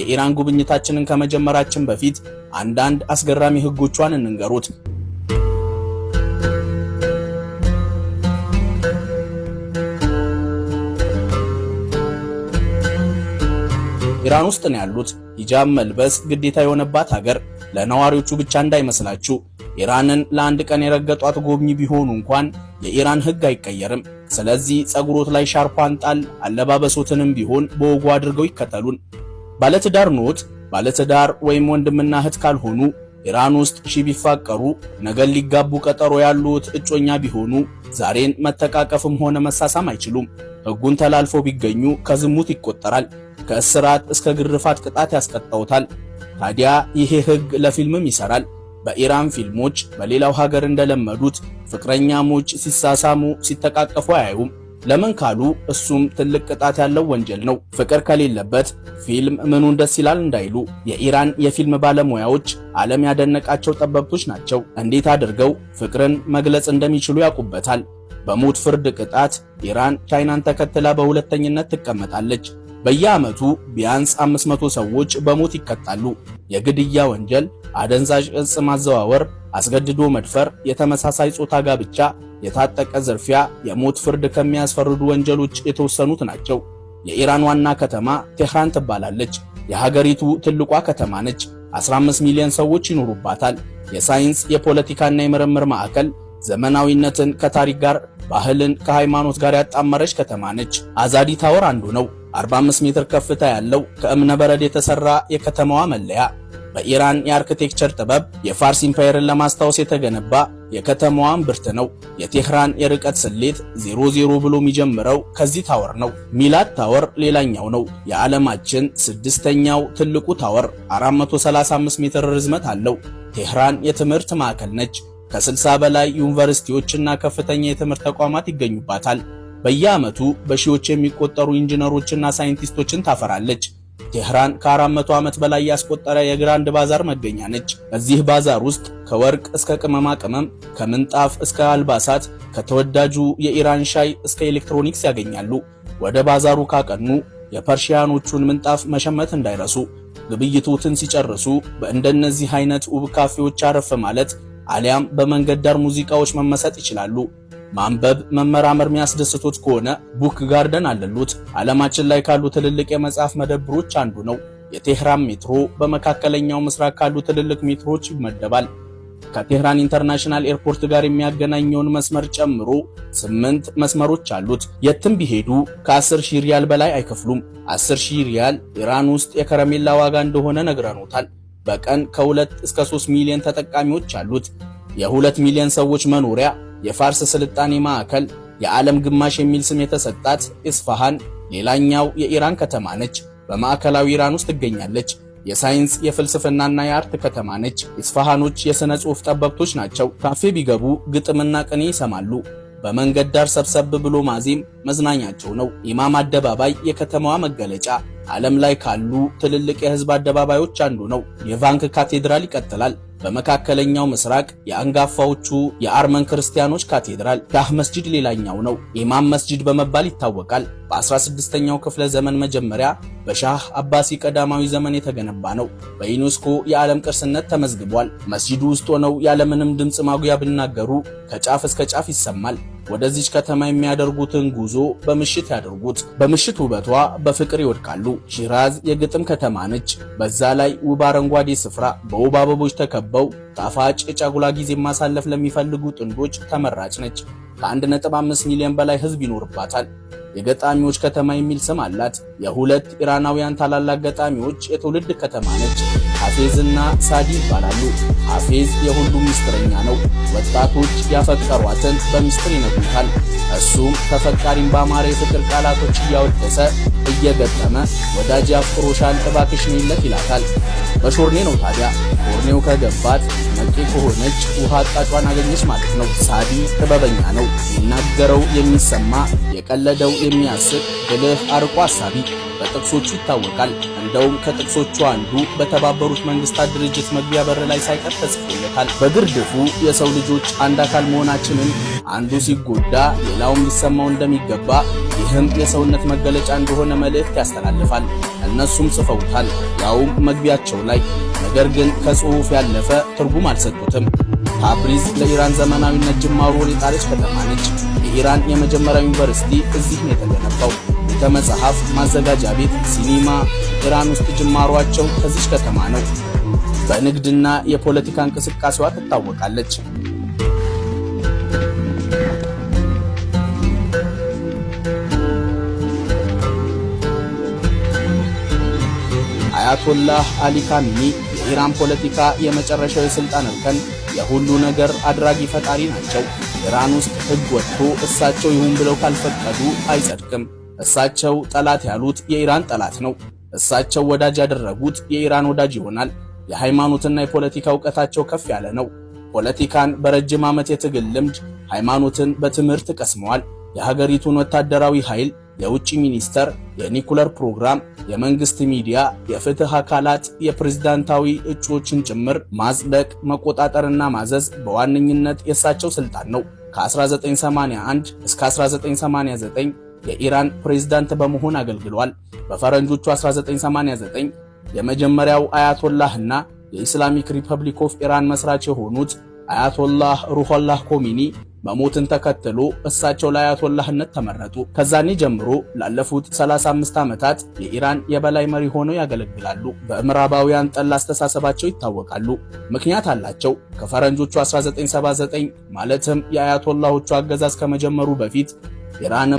የኢራን ጉብኝታችንን ከመጀመራችን በፊት አንዳንድ አስገራሚ ህጎቿን እንንገሩት። ኢራን ውስጥ ነው ያሉት። ሂጃብ መልበስ ግዴታ የሆነባት ሀገር ለነዋሪዎቹ ብቻ እንዳይመስላችሁ። ኢራንን ለአንድ ቀን የረገጧት ጎብኚ ቢሆኑ እንኳን የኢራን ህግ አይቀየርም። ስለዚህ ጸጉሮት ላይ ሻርፓን ጣል፣ አለባበሶትንም ቢሆን በወጉ አድርገው ይከተሉን። ባለትዳር ኖት ባለትዳር ወይም ወንድምና እህት ካልሆኑ ኢራን ውስጥ ሺ ቢፋቀሩ ነገን ሊጋቡ ቀጠሮ ያሉት እጮኛ ቢሆኑ ዛሬን መተቃቀፍም ሆነ መሳሳም አይችሉም። ሕጉን ተላልፎ ቢገኙ ከዝሙት ይቆጠራል። ከእስራት እስከ ግርፋት ቅጣት ያስቀጣውታል። ታዲያ ይሄ ሕግ ለፊልምም ይሰራል። በኢራን ፊልሞች በሌላው ሀገር እንደለመዱት ፍቅረኛሞች ሲሳሳሙ ሲተቃቀፉ አያዩም። ለምን ካሉ እሱም ትልቅ ቅጣት ያለው ወንጀል ነው። ፍቅር ከሌለበት ፊልም ምኑን ደስ ይላል እንዳይሉ የኢራን የፊልም ባለሙያዎች ዓለም ያደነቃቸው ጠበብቶች ናቸው። እንዴት አድርገው ፍቅርን መግለጽ እንደሚችሉ ያውቁበታል። በሞት ፍርድ ቅጣት ኢራን ቻይናን ተከትላ በሁለተኝነት ትቀመጣለች። በየዓመቱ ቢያንስ 500 ሰዎች በሞት ይቀጣሉ። የግድያ ወንጀል፣ አደንዛዥ ዕጽ ማዘዋወር፣ አስገድዶ መድፈር፣ የተመሳሳይ ጾታ ጋብቻ፣ የታጠቀ ዝርፊያ የሞት ፍርድ ከሚያስፈርዱ ወንጀሎች የተወሰኑት ናቸው። የኢራን ዋና ከተማ ቴህራን ትባላለች። የሀገሪቱ ትልቋ ከተማ ነች። 15 ሚሊዮን ሰዎች ይኖሩባታል። የሳይንስ የፖለቲካና የምርምር ማዕከል ዘመናዊነትን ከታሪክ ጋር ባህልን ከሃይማኖት ጋር ያጣመረች ከተማ ነች። አዛዲ ታወር አንዱ ነው። 45 ሜትር ከፍታ ያለው ከእብነ በረድ የተሰራ የከተማዋ መለያ በኢራን የአርክቴክቸር ጥበብ የፋርስ ኢምፓየርን ለማስታወስ የተገነባ የከተማዋን ብርት ነው። የቴህራን የርቀት ስሌት 00 ብሎ የሚጀምረው ከዚህ ታወር ነው። ሚላት ታወር ሌላኛው ነው። የዓለማችን ስድስተኛው ትልቁ ታወር 435 ሜትር ርዝመት አለው። ቴህራን የትምህርት ማዕከል ነች። ከ60 በላይ ዩኒቨርሲቲዎችና ከፍተኛ የትምህርት ተቋማት ይገኙባታል። በየዓመቱ በሺዎች የሚቆጠሩ ኢንጂነሮችና ሳይንቲስቶችን ታፈራለች። ቴህራን ከ400 ዓመት በላይ ያስቆጠረ የግራንድ ባዛር መገኛ ነች። በዚህ ባዛር ውስጥ ከወርቅ እስከ ቅመማ ቅመም፣ ከምንጣፍ እስከ አልባሳት፣ ከተወዳጁ የኢራን ሻይ እስከ ኤሌክትሮኒክስ ያገኛሉ። ወደ ባዛሩ ካቀኑ የፐርሺያኖቹን ምንጣፍ መሸመት እንዳይረሱ። ግብይቱትን ሲጨርሱ በእንደነዚህ አይነት ውብ ካፌዎች አረፍ ማለት አሊያም በመንገድ ዳር ሙዚቃዎች መመሰጥ ይችላሉ። ማንበብ፣ መመራመር የሚያስደስቶት ከሆነ ቡክ ጋርደን አለሉት። ዓለማችን ላይ ካሉ ትልልቅ የመጽሐፍ መደብሮች አንዱ ነው። የቴህራን ሜትሮ በመካከለኛው ምስራቅ ካሉ ትልልቅ ሜትሮች ይመደባል። ከቴህራን ኢንተርናሽናል ኤርፖርት ጋር የሚያገናኘውን መስመር ጨምሮ ስምንት መስመሮች አሉት። የትም ቢሄዱ ከ10 ሺ ሪያል በላይ አይከፍሉም። 10 ሺ ሪያል ኢራን ውስጥ የከረሜላ ዋጋ እንደሆነ ነግረኖታል። በቀን ከ2 እስከ 3 ሚሊዮን ተጠቃሚዎች አሉት። የ2 ሚሊዮን ሰዎች መኖሪያ የፋርስ ስልጣኔ ማዕከል የዓለም ግማሽ የሚል ስም የተሰጣት ኢስፋሃን ሌላኛው የኢራን ከተማ ነች። በማዕከላዊ ኢራን ውስጥ ትገኛለች። የሳይንስ የፍልስፍናና የአርት ከተማ ነች። ኢስፋሃኖች የሥነ ጽሑፍ ጠበብቶች ናቸው። ካፌ ቢገቡ ግጥምና ቅኔ ይሰማሉ። በመንገድ ዳር ሰብሰብ ብሎ ማዜም መዝናኛቸው ነው። ኢማም አደባባይ የከተማዋ መገለጫ ዓለም ላይ ካሉ ትልልቅ የህዝብ አደባባዮች አንዱ ነው። የቫንክ ካቴድራል ይቀጥላል። በመካከለኛው ምስራቅ የአንጋፋዎቹ የአርመን ክርስቲያኖች ካቴድራል ዳህ መስጂድ ሌላኛው ነው። ኢማም መስጂድ በመባል ይታወቃል። በ16ኛው ክፍለ ዘመን መጀመሪያ በሻህ አባሲ ቀዳማዊ ዘመን የተገነባ ነው። በዩኔስኮ የዓለም ቅርስነት ተመዝግቧል። መስጂዱ ውስጥ ሆነው ያለምንም ድምፅ ማጉያ ብናገሩ ከጫፍ እስከ ጫፍ ይሰማል። ወደዚች ከተማ የሚያደርጉትን ጉዞ በምሽት ያደርጉት። በምሽት ውበቷ በፍቅር ይወድቃሉ። ሺራዝ የግጥም ከተማ ነች። በዛ ላይ ውብ አረንጓዴ ስፍራ በውብ አበቦች ተከባ የምትገነባው ጣፋጭ የጫጉላ ጊዜ ማሳለፍ ለሚፈልጉ ጥንዶች ተመራጭ ነች። ከ1.5 ሚሊዮን በላይ ህዝብ ይኖርባታል። የገጣሚዎች ከተማ የሚል ስም አላት። የሁለት ኢራናውያን ታላላቅ ገጣሚዎች የትውልድ ከተማ ነች። ሐፌዝ እና ሳዲ ይባላሉ። ሐፌዝ የሁሉም ምስጢረኛ ነው። ወጣቶች ያፈቀሯትን በምስጢር ይነግሩታል። እሱም ተፈቃሪን በአማረ የፍቅር ቃላቶች እያወደሰ እየገጠመ ወዳጅ አፍቅሮሻል እባክሽ ነይለት ይላታል። በሾርኔ ነው ታዲያ። ሾርኔው ከገባት መቄ ከሆነች ውሃ አጣጯን አገኘች ማለት ነው። ሳዲ ጥበበኛ ነው። ይናገረው የሚሰማ የቀለደው የሚያስብ ብልህ አርቆ አሳቢ በጥቅሶቹ ይታወቃል። እንደውም ከጥቅሶቹ አንዱ በተባበሩት መንግስታት ድርጅት መግቢያ በር ላይ ሳይቀር ተጽፎለታል። በግርድፉ የሰው ልጆች አንድ አካል መሆናችንን አንዱ ሲጎዳ ሌላውም ሊሰማው እንደሚገባ ይህም የሰውነት መገለጫ እንደሆነ መልእክት ያስተላልፋል። እነሱም ጽፈውታል፣ ያውም መግቢያቸው ላይ። ነገር ግን ከጽሑፍ ያለፈ ትርጉም አልሰጡትም። ታብሪዝ ለኢራን ዘመናዊነት ጅማሮ የጣለች ከተማ ነች። የኢራን የመጀመሪያ ዩኒቨርሲቲ እዚህ ነው የተገነባው። ከመጽሐፍ ማዘጋጃ ቤት፣ ሲኒማ ኢራን ውስጥ ጅማሯቸው ከዚች ከተማ ነው። በንግድና የፖለቲካ እንቅስቃሴዋ ትታወቃለች። አያቶላህ አሊ ካሚኒ የኢራን ፖለቲካ የመጨረሻው የሥልጣን እርከን፣ የሁሉ ነገር አድራጊ ፈጣሪ ናቸው። ኢራን ውስጥ ህግ ወጥቶ እሳቸው ይሁን ብለው ካልፈቀዱ አይጸድቅም። እሳቸው ጠላት ያሉት የኢራን ጠላት ነው። እሳቸው ወዳጅ ያደረጉት የኢራን ወዳጅ ይሆናል። የሃይማኖትና የፖለቲካ እውቀታቸው ከፍ ያለ ነው። ፖለቲካን በረጅም ዓመት የትግል ልምድ፣ ሃይማኖትን በትምህርት ቀስመዋል። የሀገሪቱን ወታደራዊ ኃይል፣ የውጭ ሚኒስተር፣ የኒኩለር ፕሮግራም፣ የመንግስት ሚዲያ፣ የፍትህ አካላት፣ የፕሬዝዳንታዊ እጩዎችን ጭምር ማጽደቅ፣ መቆጣጠርና ማዘዝ በዋነኝነት የእሳቸው ስልጣን ነው። ከ1981 እስከ 1989 የኢራን ፕሬዝዳንት በመሆን አገልግሏል። በፈረንጆቹ 1989 የመጀመሪያው አያቶላህና የኢስላሚክ ሪፐብሊክ ኦፍ ኢራን መስራች የሆኑት አያቶላህ ሩሆላህ ኮሚኒ መሞትን ተከትሎ እሳቸው ለአያቶላህነት ተመረጡ። ከዛኔ ጀምሮ ላለፉት 35 ዓመታት የኢራን የበላይ መሪ ሆነው ያገለግላሉ። በምዕራባውያን ጠል አስተሳሰባቸው ይታወቃሉ። ምክንያት አላቸው። ከፈረንጆቹ 1979 ማለትም የአያቶላሆቹ አገዛዝ ከመጀመሩ በፊት ኢራን